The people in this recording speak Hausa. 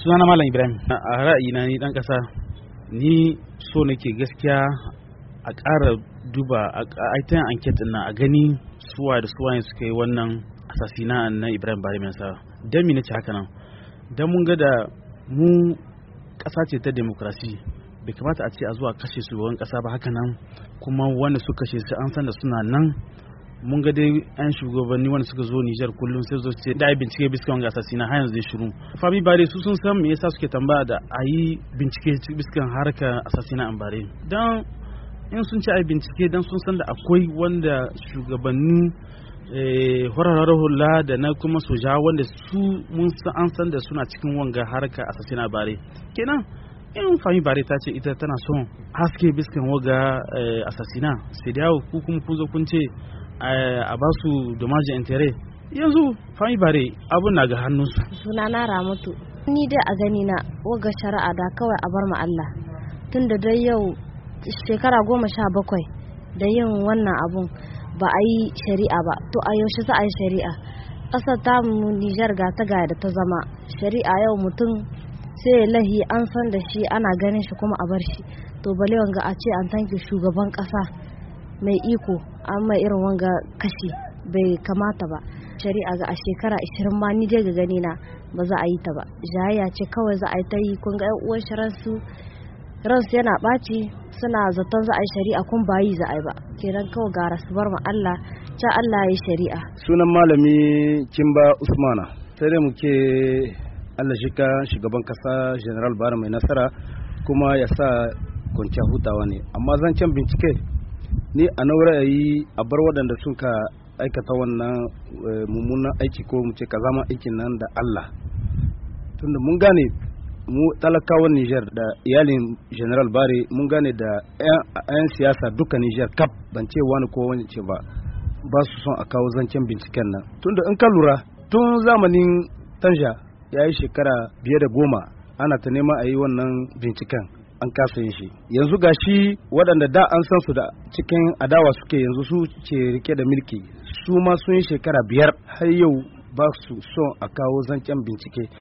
sunana malam ibrahim a ra'ayina ni dan kasa ni so nake gaskiya a kara duba a ta anket din a gani suwa da suwayen suka yi wannan asasina na ibrahim bari mai sa dan mi nace haka nan dan mun ga da mu ƙasa ce ta demokrasi bai kamata a ce a zuwa kashe su wani kasa ba haka nan kuma wanda su kashe su an san da suna nan mun ga dai an shugabanni wanda suka zo Nijar kullum sai zo ce da bincike bisa wanga sasina har yanzu shiru fami bare su sun san me yasa suke tambaya da ayi bincike bisa haraka asasina an bare dan in sun ci ayi bincike dan sun san da akwai wanda shugabanni eh, horarar la da na kuma soja wanda su mun san an san da suna cikin wanga harka asasina bare kenan in fami bare ta ce ita tana son haske biskan waga eh, asasina sai dawo ku kuma ku zo kun ce Eh, a ba su domajin intere yanzu fami bare abun na ga hannunsu suna na ramatu ni dai a gani na waga shari'a da kawai a bar mu Allah tun da dai yau shekara goma sha bakwai da yin wannan abun ba a yi shari'a ba to a yaushe za a yi shari'a ƙasar mu nijar ga ta gaya da ta zama shari'a yau mutum sai ya lahi an san da shi ana ganin shi kuma a bar shi to bale wanga a ce an tanki shugaban ƙasa mai iko amma irin wanga kashi bai kamata ba shari'a ga a shekara 20 ma ni dai ga gani na ba za a yi ta ba jayayya ce kawai za a yi ta yi kun ga uwan ransu ransu yana baci suna zaton za a yi shari'a kun ba yi za a yi ba kenan kawai ga su bar ma Allah ta Allah ya shari'a sunan malami Kimba Usmana sai dai muke Allah shika shugaban kasa General Bara mai nasara kuma ya sa kwanciya hutawa ne amma zancen bincike ni a naura yi a bar waɗanda suka aikata wannan eh, mummunan aiki ko mu ce ka zama aikin nan da Allah tunda mun gane mu talakawan Niger da iyalin General Bari mun gane da 'yan siyasa duka Niger kap ban ce wani ko wani ce ba ba su son a kawo zancen binciken nan tunda in ka lura tun zamanin Tanja ya yi shekara biye da goma ana ta nema a yi wannan binciken an kasa yin shi yanzu ga shi waɗanda da an san su da cikin adawa suke yanzu su ce rike da milki su ma sun yi shekara biyar har yau ba su son a kawo zancen bincike